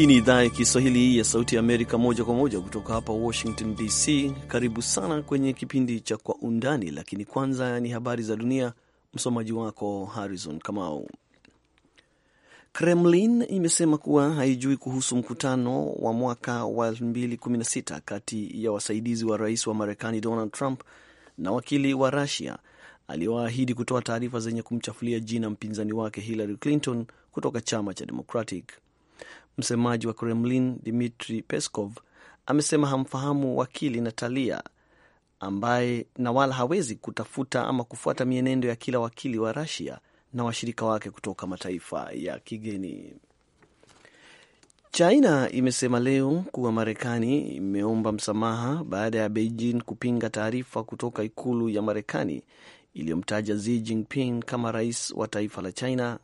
Hii ni idhaa ya Kiswahili ya Sauti ya Amerika, moja kwa moja kutoka hapa Washington DC. Karibu sana kwenye kipindi cha Kwa Undani, lakini kwanza ni habari za dunia. Msomaji wako Harrison Kamau. Kremlin imesema kuwa haijui kuhusu mkutano wa mwaka wa 2016 kati ya wasaidizi wa rais wa Marekani Donald Trump na wakili wa Rusia aliyoahidi kutoa taarifa zenye kumchafulia jina mpinzani wake Hillary Clinton kutoka chama cha Democratic. Msemaji wa Kremlin Dmitri Peskov amesema hamfahamu wakili Natalia ambaye na wala hawezi kutafuta ama kufuata mienendo ya kila wakili wa rasia na washirika wake kutoka mataifa ya kigeni. China imesema leo kuwa Marekani imeomba msamaha baada ya Beijing kupinga taarifa kutoka ikulu ya Marekani iliyomtaja Xi Jinping kama rais wa taifa la China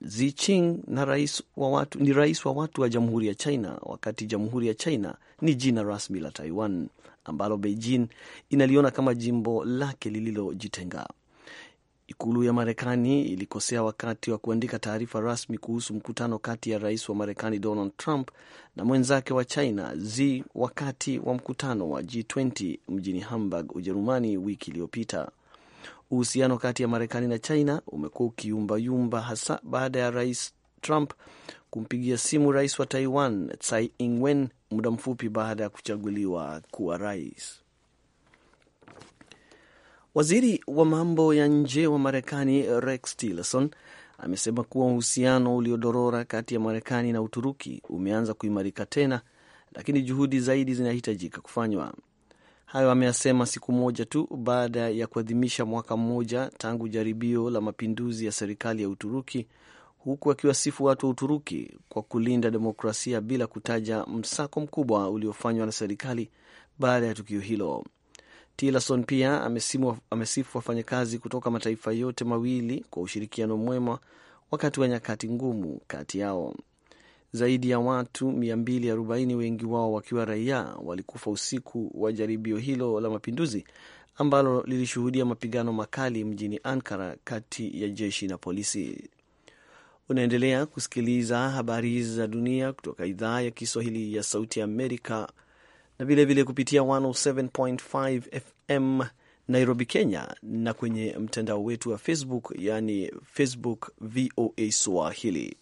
Ziching na rais wa watu, ni rais wa watu wa jamhuri ya China, wakati jamhuri ya China ni jina rasmi la Taiwan ambalo Beijing inaliona kama jimbo lake lililojitenga. Ikulu ya Marekani ilikosea wakati wa kuandika taarifa rasmi kuhusu mkutano kati ya rais wa Marekani Donald Trump na mwenzake wa China Xi wakati wa mkutano wa G20 mjini Hamburg, Ujerumani wiki iliyopita. Uhusiano kati ya Marekani na China umekuwa ukiyumbayumba hasa baada ya Rais Trump kumpigia simu rais wa Taiwan Tsai Ing-wen muda mfupi baada ya kuchaguliwa kuwa rais. Waziri wa mambo ya nje wa Marekani Rex Tillerson amesema kuwa uhusiano uliodorora kati ya Marekani na Uturuki umeanza kuimarika tena, lakini juhudi zaidi zinahitajika kufanywa. Hayo ameyasema siku moja tu baada ya kuadhimisha mwaka mmoja tangu jaribio la mapinduzi ya serikali ya Uturuki, huku akiwasifu watu wa Uturuki kwa kulinda demokrasia bila kutaja msako mkubwa uliofanywa na serikali baada ya tukio hilo. Tillerson pia amesimu, amesifu wafanyakazi kutoka mataifa yote mawili kwa ushirikiano mwema wakati wa nyakati ngumu kati yao. Zaidi ya watu 240 wengi wao wakiwa raia walikufa usiku wa jaribio hilo la mapinduzi ambalo lilishuhudia mapigano makali mjini Ankara kati ya jeshi na polisi. Unaendelea kusikiliza habari hizi za dunia kutoka idhaa ya Kiswahili ya Sauti ya Amerika na vilevile kupitia 107.5 FM Nairobi, Kenya, na kwenye mtandao wetu wa Facebook, yani Facebook VOA Swahili.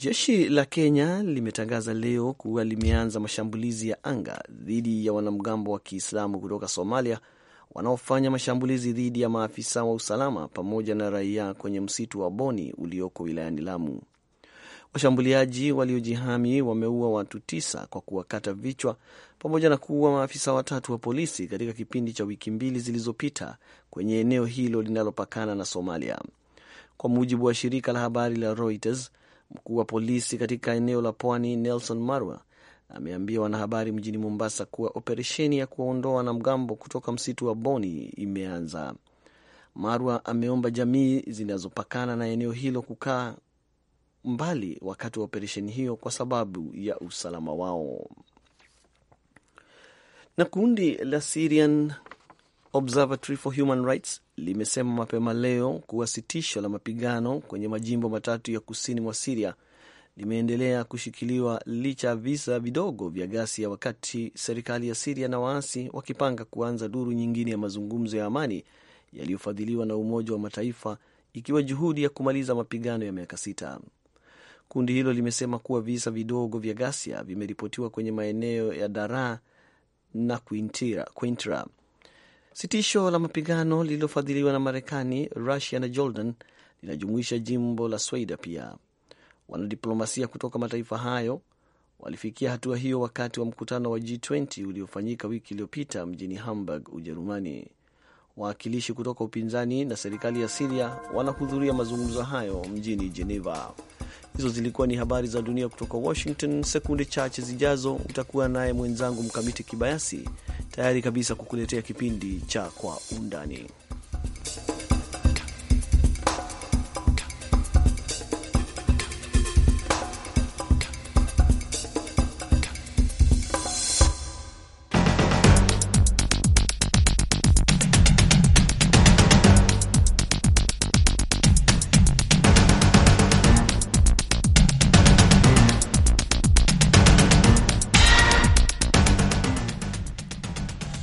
Jeshi la Kenya limetangaza leo kuwa limeanza mashambulizi ya anga dhidi ya wanamgambo wa Kiislamu kutoka Somalia wanaofanya mashambulizi dhidi ya maafisa wa usalama pamoja na raia kwenye msitu wa Boni ulioko wilayani Lamu. Washambuliaji waliojihami wameua watu tisa kwa kuwakata vichwa pamoja na kuua maafisa watatu wa polisi katika kipindi cha wiki mbili zilizopita kwenye eneo hilo linalopakana na Somalia, kwa mujibu wa shirika la habari la Reuters. Mkuu wa polisi katika eneo la pwani Nelson Marwa ameambia wanahabari mjini Mombasa kuwa operesheni ya kuwaondoa wanamgambo kutoka msitu wa Boni imeanza. Marwa ameomba jamii zinazopakana na eneo hilo kukaa mbali wakati wa operesheni hiyo kwa sababu ya usalama wao. Na kundi la Syrian Observatory for Human Rights limesema mapema leo kuwa sitisho la mapigano kwenye majimbo matatu ya kusini mwa Siria limeendelea kushikiliwa licha ya visa vidogo vya ghasia, wakati serikali ya Siria na waasi wakipanga kuanza duru nyingine ya mazungumzo ya amani yaliyofadhiliwa na Umoja wa Mataifa, ikiwa juhudi ya kumaliza mapigano ya miaka sita. Kundi hilo limesema kuwa visa vidogo vya ghasia vimeripotiwa kwenye maeneo ya Daraa na Quintra Sitisho la mapigano lililofadhiliwa na Marekani, Rusia na Jordan linajumuisha jimbo la Sweida pia. Wanadiplomasia kutoka mataifa hayo walifikia hatua hiyo wakati wa mkutano wa G20 uliofanyika wiki iliyopita mjini Hamburg, Ujerumani. Wawakilishi kutoka upinzani na serikali ya Siria wanahudhuria mazungumzo hayo mjini Geneva. Hizo zilikuwa ni habari za dunia kutoka Washington. Sekunde chache zijazo utakuwa naye mwenzangu Mkamiti Kibayasi tayari kabisa kukuletea kipindi cha Kwa Undani.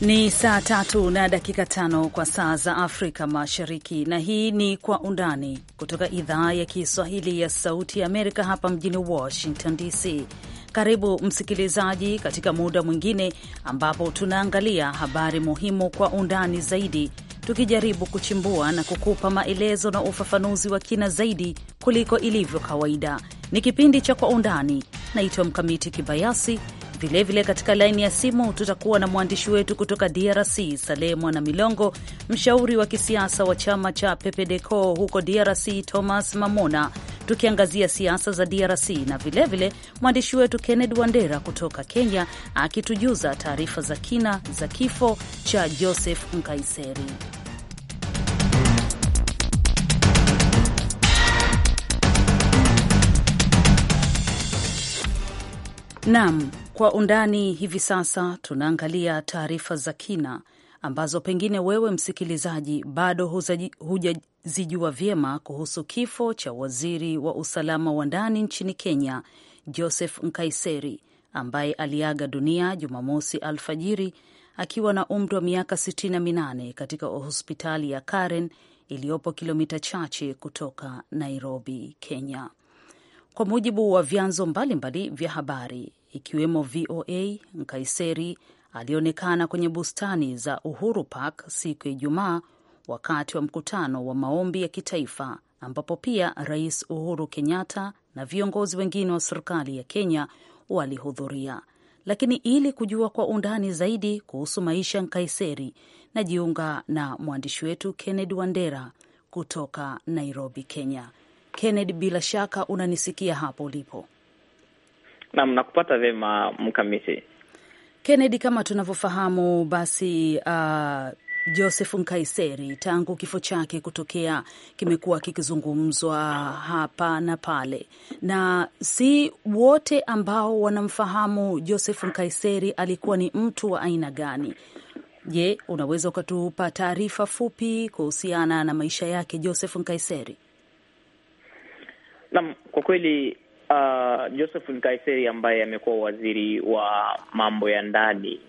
Ni saa tatu na dakika tano kwa saa za Afrika Mashariki, na hii ni Kwa Undani kutoka idhaa ya Kiswahili ya Sauti ya Amerika hapa mjini Washington DC. Karibu msikilizaji, katika muda mwingine ambapo tunaangalia habari muhimu kwa undani zaidi, tukijaribu kuchimbua na kukupa maelezo na ufafanuzi wa kina zaidi kuliko ilivyo kawaida. Ni kipindi cha Kwa Undani. Naitwa Mkamiti Kibayasi. Vilevile vile katika laini ya simu tutakuwa na mwandishi wetu kutoka DRC, Saleh Mwana Milongo, mshauri wa kisiasa wa chama cha Pepedeco huko DRC, Thomas Mamona, tukiangazia siasa za DRC na vilevile mwandishi wetu kenned Wandera kutoka Kenya akitujuza taarifa za kina za kifo cha Joseph Nkaiseri. Naam, kwa undani hivi sasa tunaangalia taarifa za kina ambazo pengine wewe msikilizaji bado hujazijua vyema kuhusu kifo cha waziri wa usalama wa ndani nchini Kenya Joseph Nkaiseri ambaye aliaga dunia Jumamosi alfajiri akiwa na umri wa miaka 68 katika hospitali ya Karen iliyopo kilomita chache kutoka Nairobi, Kenya. Kwa mujibu wa vyanzo mbalimbali vya habari, ikiwemo VOA Nkaiseri alionekana kwenye bustani za Uhuru Park siku ya Ijumaa wakati wa mkutano wa maombi ya kitaifa ambapo pia Rais Uhuru Kenyatta na viongozi wengine wa serikali ya Kenya walihudhuria. Lakini ili kujua kwa undani zaidi kuhusu maisha Nkaiseri, najiunga na mwandishi wetu Kennedy Wandera kutoka Nairobi, Kenya. Kennedy, bila shaka unanisikia hapo ulipo? Naam, nakupata vyema Mkamiti Kennedy. Kama tunavyofahamu basi, uh, Joseph Nkaiseri tangu kifo chake kutokea kimekuwa kikizungumzwa hapa na pale, na si wote ambao wanamfahamu Joseph Nkaiseri alikuwa ni mtu wa aina gani. Je, unaweza ukatupa taarifa fupi kuhusiana na maisha yake Joseph Nkaiseri? Naam, kwa kweli uh, Joseph Nkaiseri ambaye amekuwa waziri wa mambo ya ndani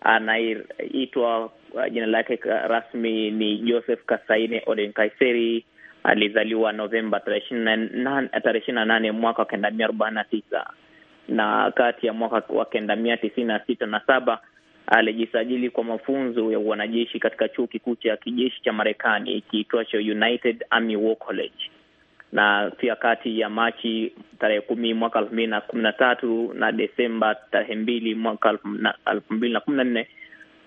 anaitwa uh, jina lake rasmi ni Joseph Kasaine Ode Nkaiseri. Alizaliwa Novemba tarehe ishirini na nane mwaka wa kenda mia arobaini na tisa na kati ya mwaka wa kenda mia tisini na sita na saba alijisajili kwa mafunzo ya wanajeshi katika chuo kikuu cha kijeshi cha Marekani kiitwacho United Army War College na pia kati ya Machi tarehe kumi mwaka elfu mbili na kumi na tatu na Desemba tarehe mbili mwaka elfu mbili na kumi na nne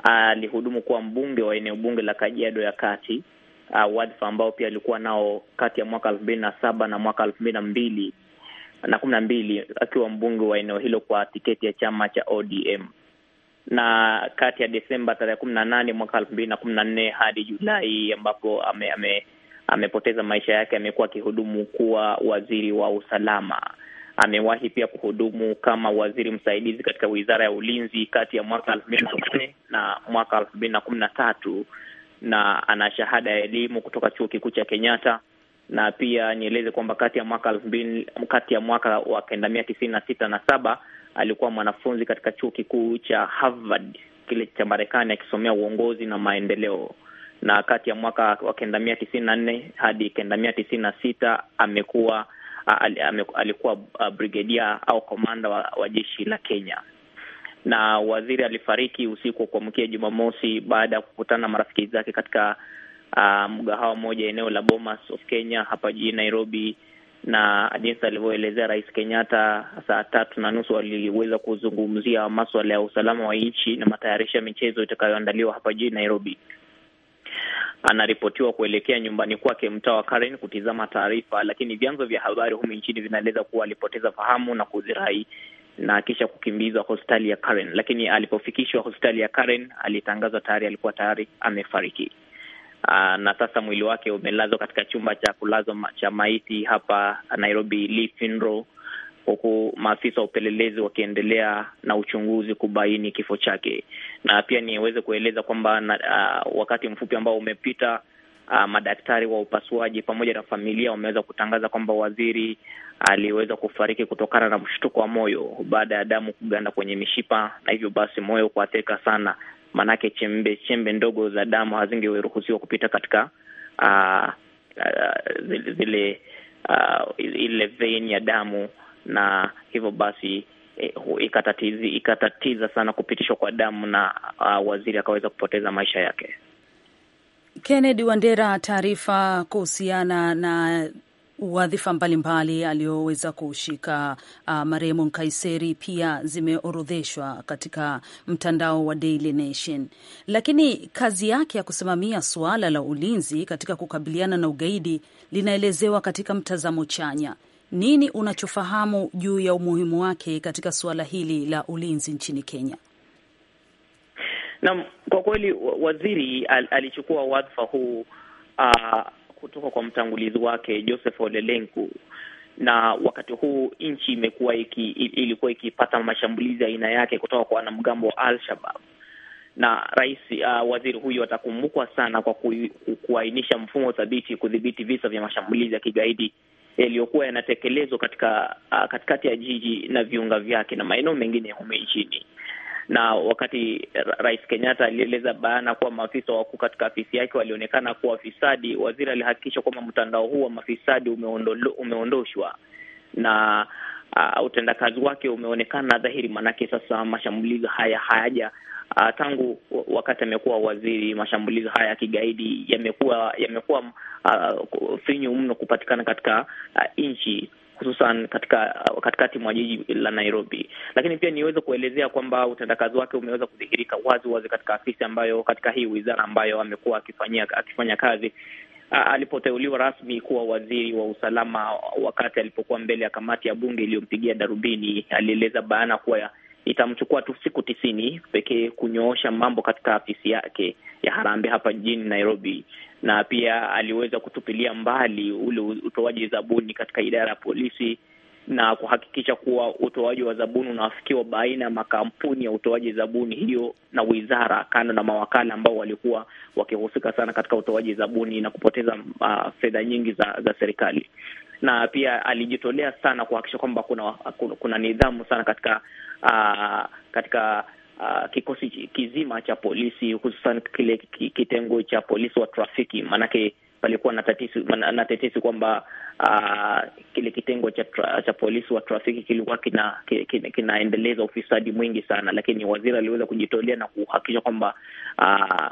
alihudumu kuwa mbunge wa eneo bunge la Kajiado ya Kati, uh, wadhifa ambao pia alikuwa nao kati ya mwaka elfu mbili na saba na mwaka elfu mbili na mbili na kumi na mbili akiwa mbunge wa eneo hilo kwa tiketi ya chama cha ODM na kati ya Desemba tarehe kumi na nane mwaka elfu mbili na kumi na nne hadi Julai ambapo ame, ame amepoteza maisha yake. Amekuwa akihudumu kuwa waziri wa usalama. Amewahi pia kuhudumu kama waziri msaidizi katika wizara ya ulinzi kati ya mwaka elfu mbili na nne na mwaka elfu mbili na kumi na tatu na ana shahada ya elimu kutoka chuo kikuu cha Kenyatta na pia nieleze kwamba kati ya mwaka elfu mbili kati ya mwaka wa kenda mia tisini na sita na saba alikuwa mwanafunzi katika chuo kikuu cha Harvard kile cha Marekani akisomea uongozi na maendeleo na kati ya mwaka wa kenda mia tisini na nne hadi kenda mia tisini na sita amekuwa alikuwa brigedia au komanda wa, wa jeshi la Kenya na waziri alifariki usiku wa kuamkia Jumamosi baada ya kukutana na marafiki zake katika uh, mgahawa mmoja eneo la Bomas of Kenya hapa jijini Nairobi, na jinsi alivyoelezea Rais Kenyatta, saa tatu na nusu aliweza kuzungumzia maswala ya usalama wa nchi na matayarisho ya michezo itakayoandaliwa hapa jijini Nairobi anaripotiwa kuelekea nyumbani kwake mtaa wa Karen kutizama taarifa, lakini vyanzo vya habari humu nchini vinaeleza kuwa alipoteza fahamu na kuzirai na kisha kukimbizwa hospitali ya Karen, lakini alipofikishwa hospitali ya Karen alitangazwa tayari alikuwa tayari amefariki. Aa, na sasa mwili wake umelazwa katika chumba cha kulazwa cha maiti hapa Nairobi Lee Funeral huku maafisa wa upelelezi wakiendelea na uchunguzi kubaini kifo chake. Na pia niweze kueleza kwamba uh, wakati mfupi ambao umepita uh, madaktari wa upasuaji pamoja na familia wameweza kutangaza kwamba waziri aliweza kufariki kutokana na mshtuko wa moyo baada ya damu kuganda kwenye mishipa, na hivyo basi moyo kuathirika sana, maanake chembe chembe ndogo za damu hazingeruhusiwa kupita katika uh, uh, zile, zile Uh, ile vein ya damu na hivyo basi eh, ikatatizi, ikatatiza sana kupitishwa kwa damu na uh, waziri akaweza kupoteza maisha yake. Kennedy Wandera, taarifa kuhusiana na wadhifa mbalimbali aliyoweza kushika uh, marehemu Nkaiseri pia zimeorodheshwa katika mtandao wa Daily Nation, lakini kazi yake ya kusimamia suala la ulinzi katika kukabiliana na ugaidi linaelezewa katika mtazamo chanya nini unachofahamu juu ya umuhimu wake katika suala hili la ulinzi nchini Kenya? Naam, kwa kweli waziri al, alichukua wadhifa huu uh, kutoka kwa mtangulizi wake Joseph Ole Lenku, na wakati huu nchi imekuwa iki, ilikuwa ikipata mashambulizi aina yake kutoka kwa wanamgambo wa al na rais uh, waziri huyu atakumbukwa sana kwa ku, ku, kuainisha mfumo thabiti kudhibiti visa vya mashambulizi ya kigaidi yaliyokuwa yanatekelezwa katika uh, katikati ya jiji na viunga vyake na maeneo mengine ya humu nchini. Na wakati Rais Kenyatta alieleza bayana kuwa maafisa wakuu katika afisi yake walionekana kuwa wafisadi, waziri alihakikisha kwamba mtandao huu wa mafisadi umeondoshwa na uh, utendakazi wake umeonekana dhahiri, maanake sasa mashambulizi haya hayaja uh, tangu wakati amekuwa waziri, mashambulizi haya ya kigaidi yamekuwa yamekuwa uh, finyu mno kupatikana katika uh, nchi hususan katika katikati mwa jiji la Nairobi. Lakini pia niweze kuelezea kwamba utendakazi wake umeweza kudhihirika wazi wazi katika afisi ambayo, katika hii wizara ambayo amekuwa akifanyia akifanya kazi alipoteuliwa rasmi kuwa waziri wa usalama. Wakati alipokuwa mbele ya kamati ya bunge iliyompigia darubini, alieleza bayana kuwa itamchukua tu siku tisini pekee kunyoosha mambo katika afisi yake ya harambe hapa jijini Nairobi. Na pia aliweza kutupilia mbali ule utoaji zabuni katika idara ya polisi na kuhakikisha kuwa utoaji wa zabuni unawafikiwa baina ya makampuni ya utoaji zabuni hiyo na wizara, kando na mawakala ambao walikuwa wakihusika sana katika utoaji zabuni na kupoteza uh, fedha nyingi za, za serikali na pia alijitolea sana kuhakikisha kwamba kuna, kuna, kuna nidhamu sana katika uh, katika Uh, kikosi kizima cha polisi hususan kile kitengo cha polisi wa trafiki, maanake palikuwa na tatizo na tetesi kwamba uh, kile kitengo cha tra, cha polisi wa trafiki kilikuwa kina, kina, kinaendeleza ufisadi mwingi sana, lakini waziri aliweza kujitolea na kuhakikisha kwamba uh,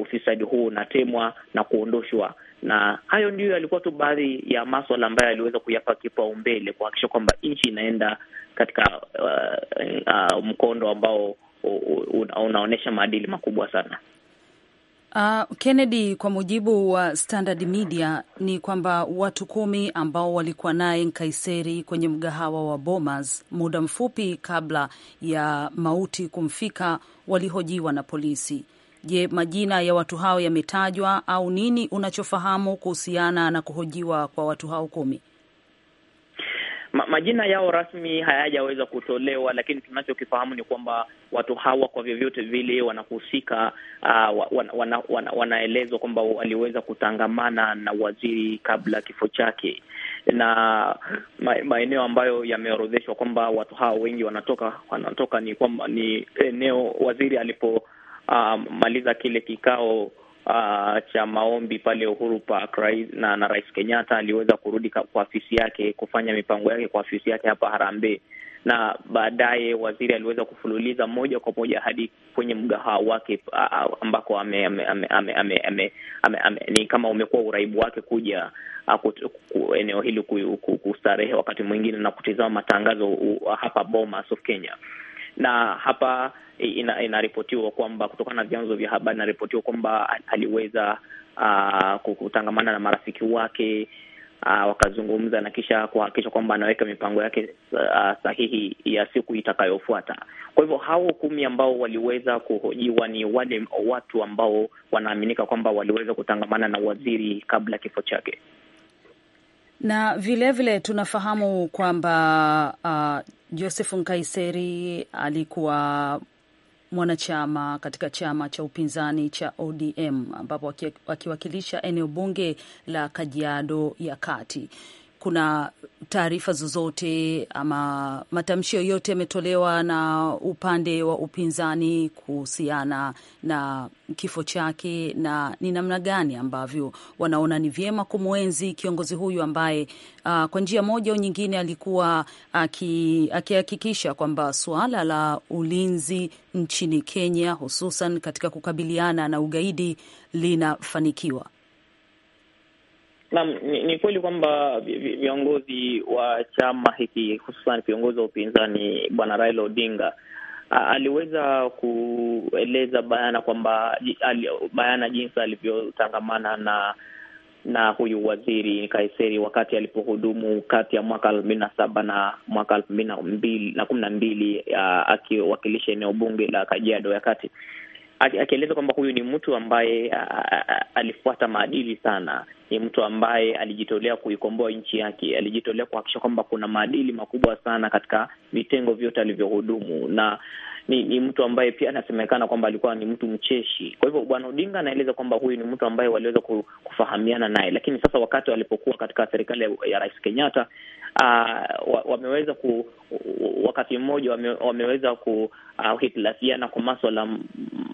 ufisadi huu unatemwa na kuondoshwa na hayo ndiyo yalikuwa tu baadhi ya maswala ambayo aliweza kuyapa kipaumbele kuhakikisha kwamba nchi inaenda katika uh, uh, mkondo ambao unaonyesha maadili makubwa sana. Uh, Kennedy, kwa mujibu wa Standard Media ni kwamba watu kumi ambao walikuwa naye Nkaiseri kwenye mgahawa wa Bomas muda mfupi kabla ya mauti kumfika walihojiwa na polisi. Je, majina ya watu hao yametajwa au nini unachofahamu kuhusiana na kuhojiwa kwa watu hao kumi? Ma, majina yao rasmi hayajaweza kutolewa, lakini tunachokifahamu ni kwamba watu hawa kwa vyovyote vile wanahusika, uh, wana, wana, wana, wanaelezwa kwamba waliweza kutangamana na waziri kabla kifo chake, na maeneo ambayo yameorodheshwa kwamba watu hawa wengi wanatoka wanatoka ni kwamba ni eneo waziri alipo uh, maliza kile kikao uh, cha maombi pale Uhuru Park rais, na, na Rais Kenyatta aliweza kurudi kwa afisi yake kufanya mipango yake kwa afisi yake hapa Harambee, na baadaye waziri aliweza kufululiza moja kwa moja hadi kwenye mgahawa wake ambako ame, ame, ame, ame, ame, ame, ame, ame, ni kama umekuwa uraibu wake kuja eneo hili kustarehe wakati mwingine na kutizama matangazo uh, hapa Bomas of Kenya na hapa inaripotiwa ina kwamba kutokana na vyanzo vya habari inaripotiwa kwamba aliweza uh, kutangamana na marafiki wake uh, wakazungumza na kisha kuhakikisha kwamba anaweka mipango yake uh, sahihi ya siku itakayofuata. Kwa hivyo hao kumi ambao waliweza kuhojiwa ni wale watu ambao wanaaminika kwamba waliweza kutangamana na waziri kabla kifo chake na vilevile vile tunafahamu kwamba uh, Joseph Nkaiseri alikuwa mwanachama katika chama cha upinzani cha ODM ambapo akiwakilisha eneo bunge la Kajiado ya Kati kuna taarifa zozote ama matamshi yoyote yametolewa na upande wa upinzani kuhusiana na kifo chake na ni namna gani ambavyo wanaona ni vyema kumwenzi kiongozi huyu ambaye uh, kwa njia moja au nyingine alikuwa akihakikisha kwamba suala la ulinzi nchini Kenya hususan katika kukabiliana na ugaidi linafanikiwa. Naam, ni, ni kweli kwamba viongozi wa chama hiki hususan viongozi wa upinzani Bwana Raila Odinga aliweza kueleza bayana kwamba bayana jinsi alivyotangamana na na huyu waziri Kaiseri wakati alipohudumu kati ya mwaka elfu mbili na saba na mwaka elfu mbili na kumi na mbili akiwakilisha eneo bunge la Kajiado ya kati akieleza kwamba huyu ni mtu ambaye alifuata maadili sana, ni mtu ambaye alijitolea kuikomboa nchi yake, alijitolea kuhakikisha kwamba kuna maadili makubwa sana katika vitengo vyote alivyohudumu, na ni, ni mtu ambaye pia anasemekana kwamba alikuwa ni mtu mcheshi. Kwa hivyo Bwana Odinga anaeleza kwamba huyu ni mtu ambaye waliweza kufahamiana naye, lakini sasa wakati alipokuwa katika serikali ya Rais Kenyatta uh, wameweza ku wakati mmoja wameweza ku uh, kwa maswala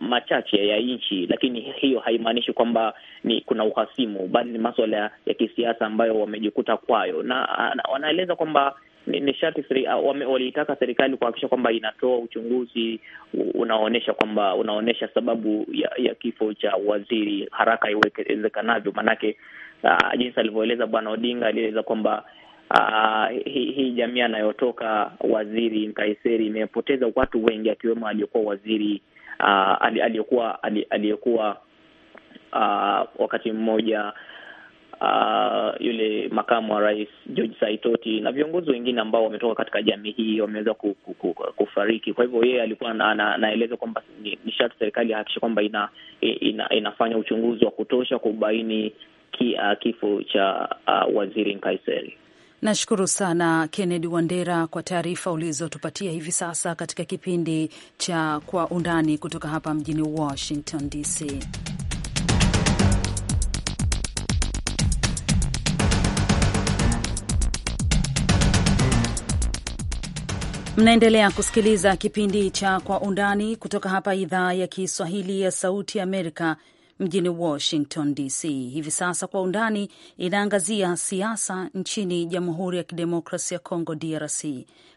machache ya nchi, lakini hiyo haimaanishi kwamba ni kuna uhasimu, bali ni maswala ya kisiasa ambayo wamejikuta kwayo, na wanaeleza kwamba ni sharti seri, uh, waliitaka serikali kuhakikisha kwamba inatoa uchunguzi unaonyesha kwamba unaonyesha sababu ya, ya kifo cha waziri haraka iwezekanavyo, maanake uh, jinsi alivyoeleza Bwana Odinga alieleza kwamba uh, ah, hii hi jamii anayotoka waziri Nkaiseri imepoteza watu wengi, akiwemo aliyekuwa waziri uh, aliyekuwa aliyekuwa uh, wakati mmoja Uh, yule makamu wa rais George Saitoti na viongozi wengine ambao wametoka katika jamii hii wameweza kufariki. Kwa hivyo yeye alikuwa anaeleza kwamba ni sharti serikali hakikisha kwamba ina, ina, inafanya uchunguzi wa kutosha kubaini kifo cha uh, waziri Nkaiseri. Nashukuru sana Kennedy Wandera kwa taarifa ulizotupatia hivi sasa katika kipindi cha Kwa Undani kutoka hapa mjini Washington DC. Mnaendelea kusikiliza kipindi cha Kwa Undani kutoka hapa idhaa ya Kiswahili ya Sauti Amerika mjini Washington DC. Hivi sasa Kwa Undani inaangazia siasa nchini Jamhuri ya Kidemokrasia ya Kongo, DRC.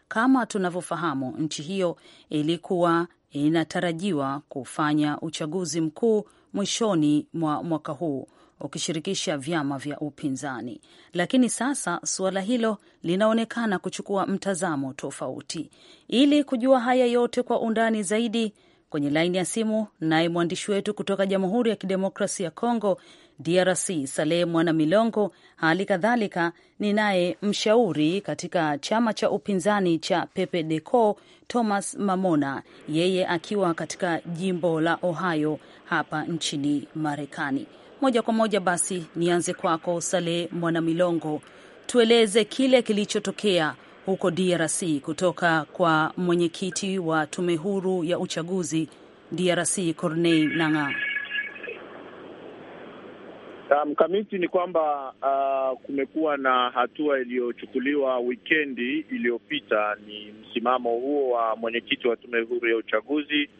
Kama tunavyofahamu, nchi hiyo ilikuwa inatarajiwa kufanya uchaguzi mkuu mwishoni mwa mwaka huu ukishirikisha vyama vya upinzani, lakini sasa suala hilo linaonekana kuchukua mtazamo tofauti. Ili kujua haya yote kwa undani zaidi, Kwenye laini ya simu naye mwandishi wetu kutoka Jamhuri ya Kidemokrasi ya congo DRC, Salehe Mwana Milongo. Hali kadhalika ni naye mshauri katika chama cha upinzani cha Deco, Thomas Mamona, yeye akiwa katika jimbo la Ohio hapa nchini Marekani. Moja kwa moja basi nianze kwako Salehe Mwana Milongo, tueleze kile kilichotokea huko DRC kutoka kwa mwenyekiti wa tume huru ya uchaguzi DRC Corneille nanga Mkamiti, um, ni kwamba uh, kumekuwa na hatua iliyochukuliwa wikendi iliyopita. Ni msimamo huo wa mwenyekiti wa tume huru ya uchaguzi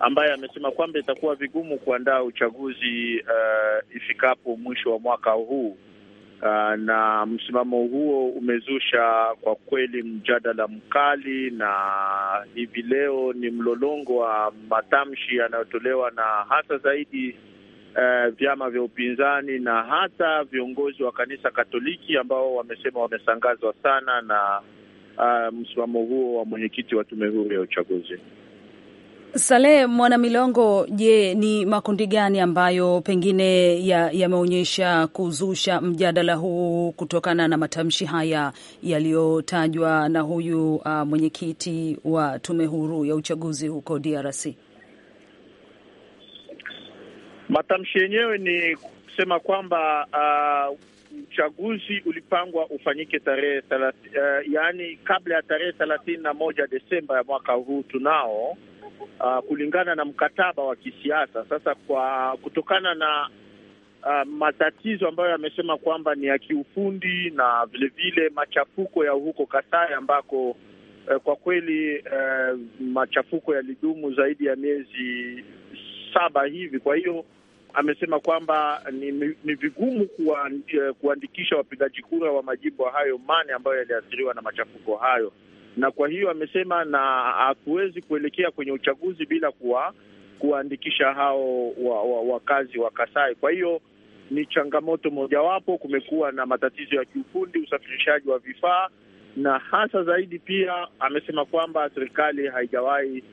ambaye amesema kwamba itakuwa vigumu kuandaa uchaguzi uh, ifikapo mwisho wa mwaka huu. Uh, na msimamo huo umezusha kwa kweli mjadala mkali, na hivi leo ni mlolongo wa matamshi yanayotolewa na hasa zaidi uh, vyama vya upinzani na hata viongozi wa kanisa Katoliki ambao wamesema wameshangazwa sana na uh, msimamo huo wa mwenyekiti wa tume huru ya uchaguzi. Saleh Mwanamilongo, je, ni makundi gani ambayo pengine yameonyesha ya kuzusha mjadala huu kutokana na matamshi haya yaliyotajwa na huyu uh, mwenyekiti wa tume huru ya uchaguzi huko DRC? Matamshi yenyewe ni kusema kwamba uh, uchaguzi ulipangwa ufanyike tarehe uh, yaani kabla ya tarehe thelathini na moja Desemba ya mwaka huu tunao uh, kulingana na mkataba wa kisiasa. Sasa kwa kutokana na uh, matatizo ambayo yamesema kwamba ni ya kiufundi na vilevile machafuko ya huko Kasai ambako uh, kwa kweli uh, machafuko yalidumu zaidi ya miezi saba hivi, kwa hiyo amesema kwamba ni, ni vigumu kuwa, uh, kuandikisha wapigaji kura wa majimbo hayo mane ambayo yaliathiriwa na machafuko hayo na kwa hiyo amesema, na hatuwezi kuelekea kwenye uchaguzi bila kuwa kuwaandikisha hao wakazi wa, wa, wa Kasai. Kwa hiyo ni changamoto mojawapo. Kumekuwa na matatizo ya kiufundi, usafirishaji wa vifaa, na hasa zaidi pia amesema kwamba serikali haijawahi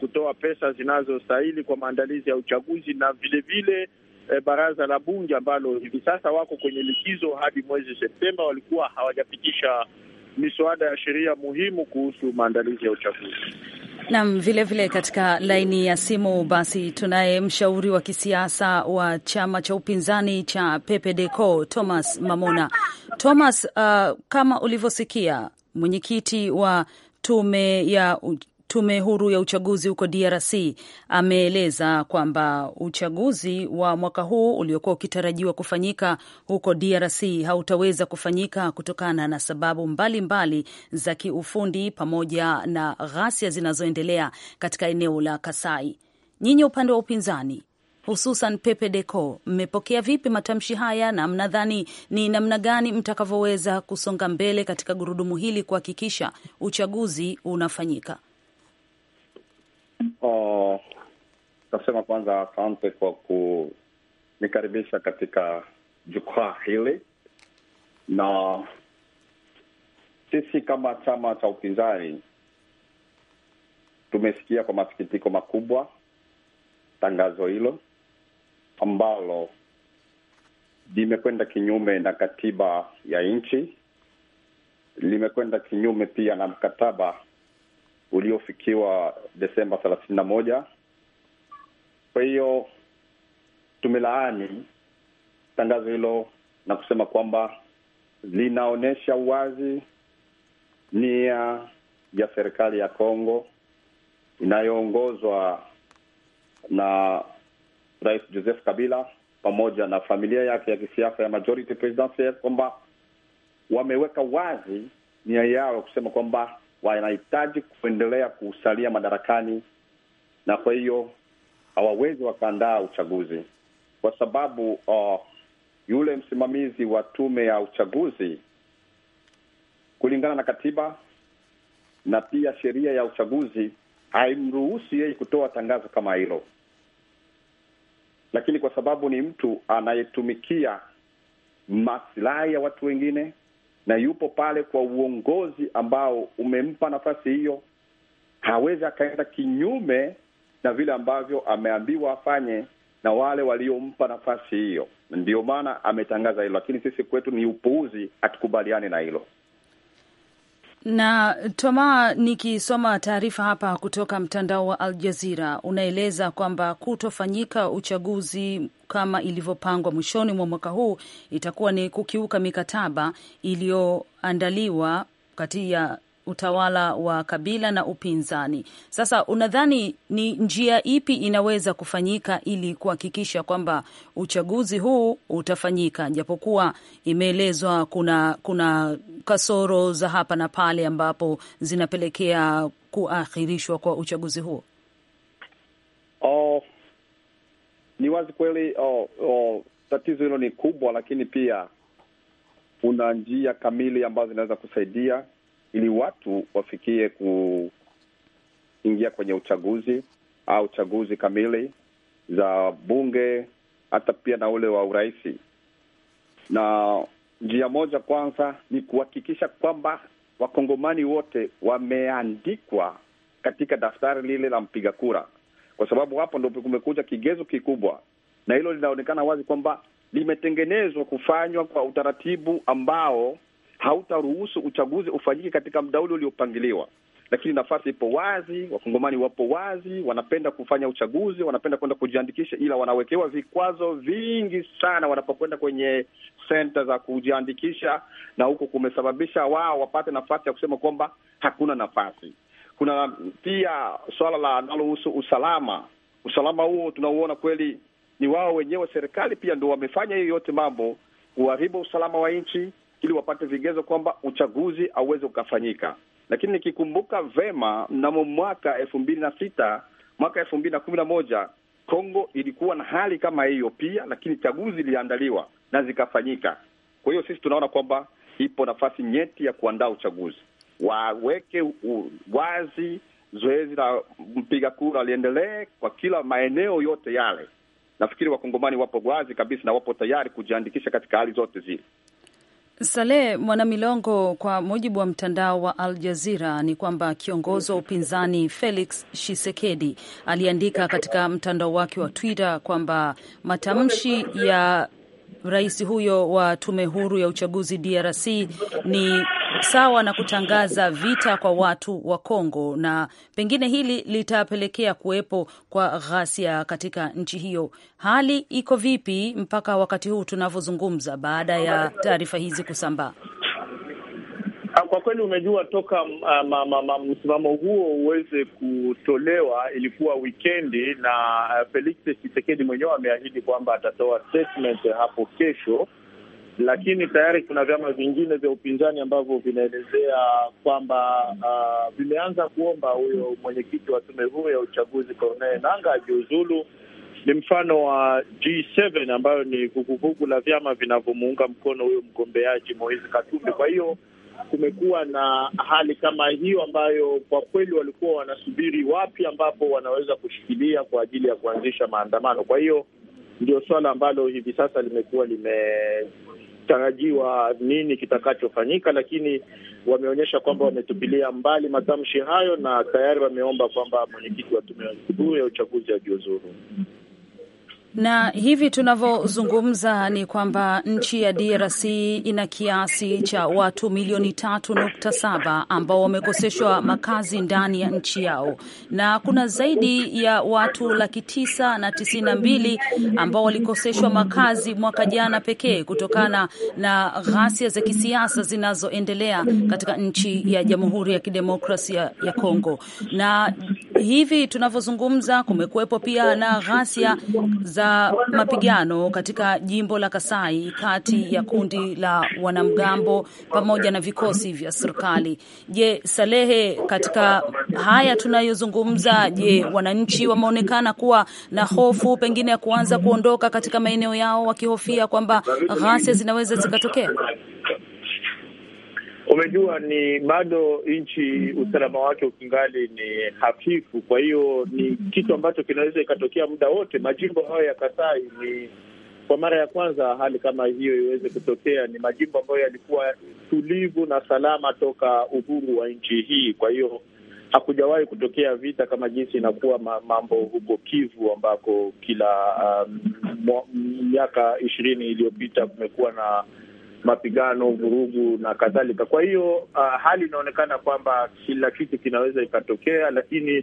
kutoa pesa zinazostahili kwa maandalizi ya uchaguzi na vilevile vile, e, baraza la bunge ambalo hivi sasa wako kwenye likizo hadi mwezi Septemba walikuwa hawajapitisha miswada ya sheria muhimu kuhusu maandalizi ya uchaguzi. Nam, vilevile katika laini ya simu basi tunaye mshauri wa kisiasa wa chama cha upinzani cha PPDCO Thomas Mamona. Thomas, uh, kama ulivyosikia mwenyekiti wa tume ya tume huru ya uchaguzi huko DRC ameeleza kwamba uchaguzi wa mwaka huu uliokuwa ukitarajiwa kufanyika huko DRC hautaweza kufanyika kutokana na sababu mbalimbali mbali za kiufundi pamoja na ghasia zinazoendelea katika eneo la Kasai. Nyinyi upande wa upinzani hususan Pepe Deco, mmepokea vipi matamshi haya na mnadhani ni namna gani mtakavyoweza kusonga mbele katika gurudumu hili kuhakikisha uchaguzi unafanyika? Oh, nasema kwanza asante kwa kunikaribisha katika jukwaa hili, na sisi kama chama cha upinzani tumesikia kwa masikitiko makubwa tangazo hilo ambalo limekwenda kinyume na katiba ya nchi, limekwenda kinyume pia na mkataba uliofikiwa Desemba thelathini na moja. Kwa hiyo tumelaani tangazo hilo na kusema kwamba linaonyesha wazi nia ya serikali ya Kongo inayoongozwa na Rais Joseph Kabila pamoja na familia yake ya kisiasa ya majority presidential kwamba wameweka wazi nia yao kusema kwamba wanahitaji kuendelea kusalia madarakani, na kwa hiyo hawawezi wakaandaa uchaguzi kwa sababu uh, yule msimamizi wa tume ya uchaguzi kulingana na katiba na pia sheria ya uchaguzi haimruhusu yeye kutoa tangazo kama hilo, lakini kwa sababu ni mtu anayetumikia masilahi ya watu wengine na yupo pale kwa uongozi ambao umempa nafasi hiyo, hawezi akaenda kinyume na vile ambavyo ameambiwa afanye na wale waliompa nafasi hiyo. Ndio maana ametangaza hilo, lakini sisi kwetu ni upuuzi, hatukubaliani na hilo. Na Toma, nikisoma taarifa hapa kutoka mtandao wa Al unaeleza kwamba kutofanyika uchaguzi kama ilivyopangwa mwishoni mwa mwaka huu itakuwa ni kukiuka mikataba iliyoandaliwa kati ya utawala wa Kabila na upinzani. Sasa unadhani ni njia ipi inaweza kufanyika ili kuhakikisha kwamba uchaguzi huu utafanyika, japokuwa imeelezwa kuna, kuna kasoro za hapa na pale ambapo zinapelekea kuahirishwa kwa uchaguzi huo? Oh, ni wazi kweli oh, oh, tatizo hilo ni kubwa, lakini pia kuna njia kamili ambazo zinaweza kusaidia ili watu wafikie kuingia kwenye uchaguzi au chaguzi kamili za bunge, hata pia na ule wa urais. Na njia moja kwanza ni kuhakikisha kwamba wakongomani wote wameandikwa katika daftari lile la mpiga kura, kwa sababu hapo ndo kumekuja kigezo kikubwa, na hilo linaonekana wazi kwamba limetengenezwa kufanywa kwa utaratibu ambao hautaruhusu uchaguzi ufanyike katika muda ule uliopangiliwa. Lakini nafasi ipo wazi, wakongomani wapo wazi, wanapenda kufanya uchaguzi, wanapenda kwenda kujiandikisha, ila wanawekewa vikwazo vingi sana wanapokwenda kwenye senta za kujiandikisha, na huko kumesababisha wao wapate nafasi ya kusema kwamba hakuna nafasi. Kuna pia suala la linalohusu usalama. Usalama huo tunauona kweli, ni wao wenyewe serikali pia ndo wamefanya hiyo yote mambo kuharibu usalama wa nchi ili wapate vigezo kwamba uchaguzi auweze ukafanyika. Lakini nikikumbuka vema, mnamo mwaka elfu mbili na sita mwaka elfu mbili na kumi na moja Kongo ilikuwa na hali kama hiyo pia, lakini chaguzi iliandaliwa na zikafanyika. Kwa hiyo sisi tunaona kwamba ipo nafasi nyeti ya kuandaa uchaguzi, waweke wazi zoezi la mpiga kura liendelee kwa kila maeneo yote yale. Nafikiri wakongomani wapo wazi kabisa na wapo tayari kujiandikisha katika hali zote zile. Saleh Mwanamilongo, kwa mujibu wa mtandao wa Al Jazira ni kwamba kiongozi wa upinzani Felix Tshisekedi aliandika katika mtandao wake wa Twitter kwamba matamshi ya rais huyo wa tume huru ya uchaguzi DRC ni sawa na kutangaza vita kwa watu wa Kongo, na pengine hili litapelekea kuwepo kwa ghasia katika nchi hiyo. Hali iko vipi mpaka wakati huu tunavyozungumza, baada ya taarifa hizi kusambaa? kwa kweli umejua toka uh, msimamo huo uweze kutolewa ilikuwa wikendi, na uh, Felix Tshisekedi mwenyewe ameahidi kwamba atatoa statement hapo kesho, lakini tayari kuna vyama vingine vya upinzani ambavyo vinaelezea kwamba uh, vimeanza kuomba huyo mwenyekiti wa tume huo ya uchaguzi Corneille Nangaa ajiuzulu. Ni mfano wa G7 ambayo ni vuguvugu la vyama vinavyomuunga mkono huyo mgombeaji Moise Katumbi. Kwa hiyo kumekuwa na hali kama hiyo ambayo kwa kweli walikuwa wanasubiri wapi ambapo wanaweza kushikilia kwa ajili ya kuanzisha maandamano. Kwa hiyo ndio swala ambalo hivi sasa limekuwa limetarajiwa nini kitakachofanyika, lakini wameonyesha kwamba wametupilia mbali matamshi hayo na tayari wameomba kwamba mwenyekiti wa tume huru ya uchaguzi ajiuzuru na hivi tunavyozungumza ni kwamba nchi ya DRC ina kiasi cha watu milioni tatu nukta saba ambao wamekoseshwa makazi ndani ya nchi yao, na kuna zaidi ya watu laki tisa na tisini na mbili ambao walikoseshwa makazi mwaka jana pekee kutokana na ghasia za kisiasa zinazoendelea katika nchi ya Jamhuri ya Kidemokrasia ya Kongo. Na hivi tunavyozungumza kumekuwepo pia na ghasia za za mapigano katika jimbo la Kasai kati ya kundi la wanamgambo pamoja na vikosi vya serikali. Je, Salehe, katika haya tunayozungumza, je, wananchi wameonekana kuwa na hofu pengine ya kuanza kuondoka katika maeneo yao wakihofia kwamba ghasia zinaweza zikatokea? Umejua, ni bado nchi usalama wake ukingali ni hafifu, kwa hiyo ni kitu ambacho kinaweza ikatokea muda wote. Majimbo hayo ya Kasai ni kwa mara ya kwanza hali kama hiyo iweze kutokea. Ni majimbo ambayo yalikuwa tulivu na salama toka uhuru wa nchi hii, kwa hiyo hakujawahi kutokea vita kama jinsi inakuwa mambo huko Kivu ambako kila um, miaka um, ishirini iliyopita kumekuwa na mapigano, vurugu na kadhalika. Kwa hiyo uh, hali inaonekana kwamba kila kitu kinaweza ikatokea, lakini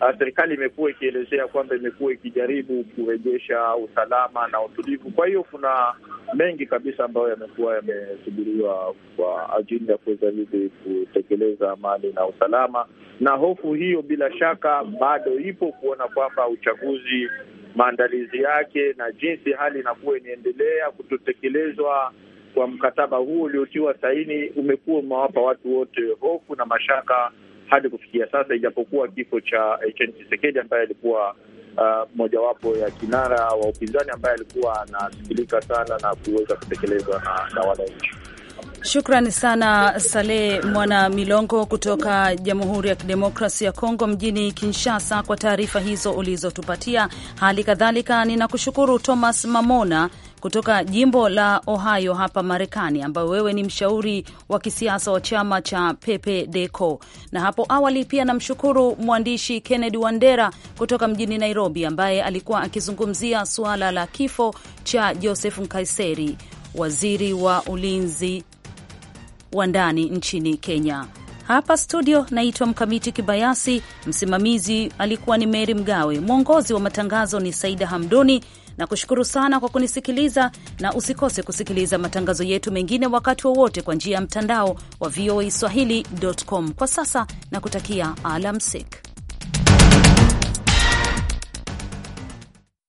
uh, serikali imekuwa ikielezea kwamba imekuwa ikijaribu kurejesha usalama na utulivu. Kwa hiyo kuna mengi kabisa ambayo yamekuwa yamesubiriwa kwa ajili ya kuweza hivi kutekeleza amani na usalama, na hofu hiyo bila shaka bado ipo kuona kwamba uchaguzi maandalizi yake na jinsi hali inakuwa inaendelea kutotekelezwa kwa mkataba huu uliotiwa saini umekuwa umewapa watu wote hofu na mashaka hadi kufikia sasa, ijapokuwa kifo cha Etienne Tshisekedi ambaye alikuwa uh, mojawapo ya kinara wa upinzani ambaye alikuwa anasikilika sana na kuweza kutekelezwa na, na wananchi. Shukrani sana Saleh Mwana Milongo kutoka Jamhuri ya Kidemokrasi ya Kongo mjini Kinshasa kwa taarifa hizo ulizotupatia. Hali kadhalika ninakushukuru Thomas Mamona kutoka jimbo la Ohio hapa Marekani, ambayo wewe ni mshauri wa kisiasa wa chama cha Pepe Deco. Na hapo awali pia namshukuru mwandishi Kennedy Wandera kutoka mjini Nairobi, ambaye alikuwa akizungumzia suala la kifo cha Joseph Nkaiseri, waziri wa ulinzi wa ndani nchini Kenya. Hapa studio naitwa Mkamiti Kibayasi, msimamizi alikuwa ni Meri Mgawe, mwongozi wa matangazo ni Saida Hamduni na kushukuru sana kwa kunisikiliza na usikose kusikiliza matangazo yetu mengine wakati wowote wa kwa njia ya mtandao wa voa swahilicom Kwa sasa nakutakia alamsik.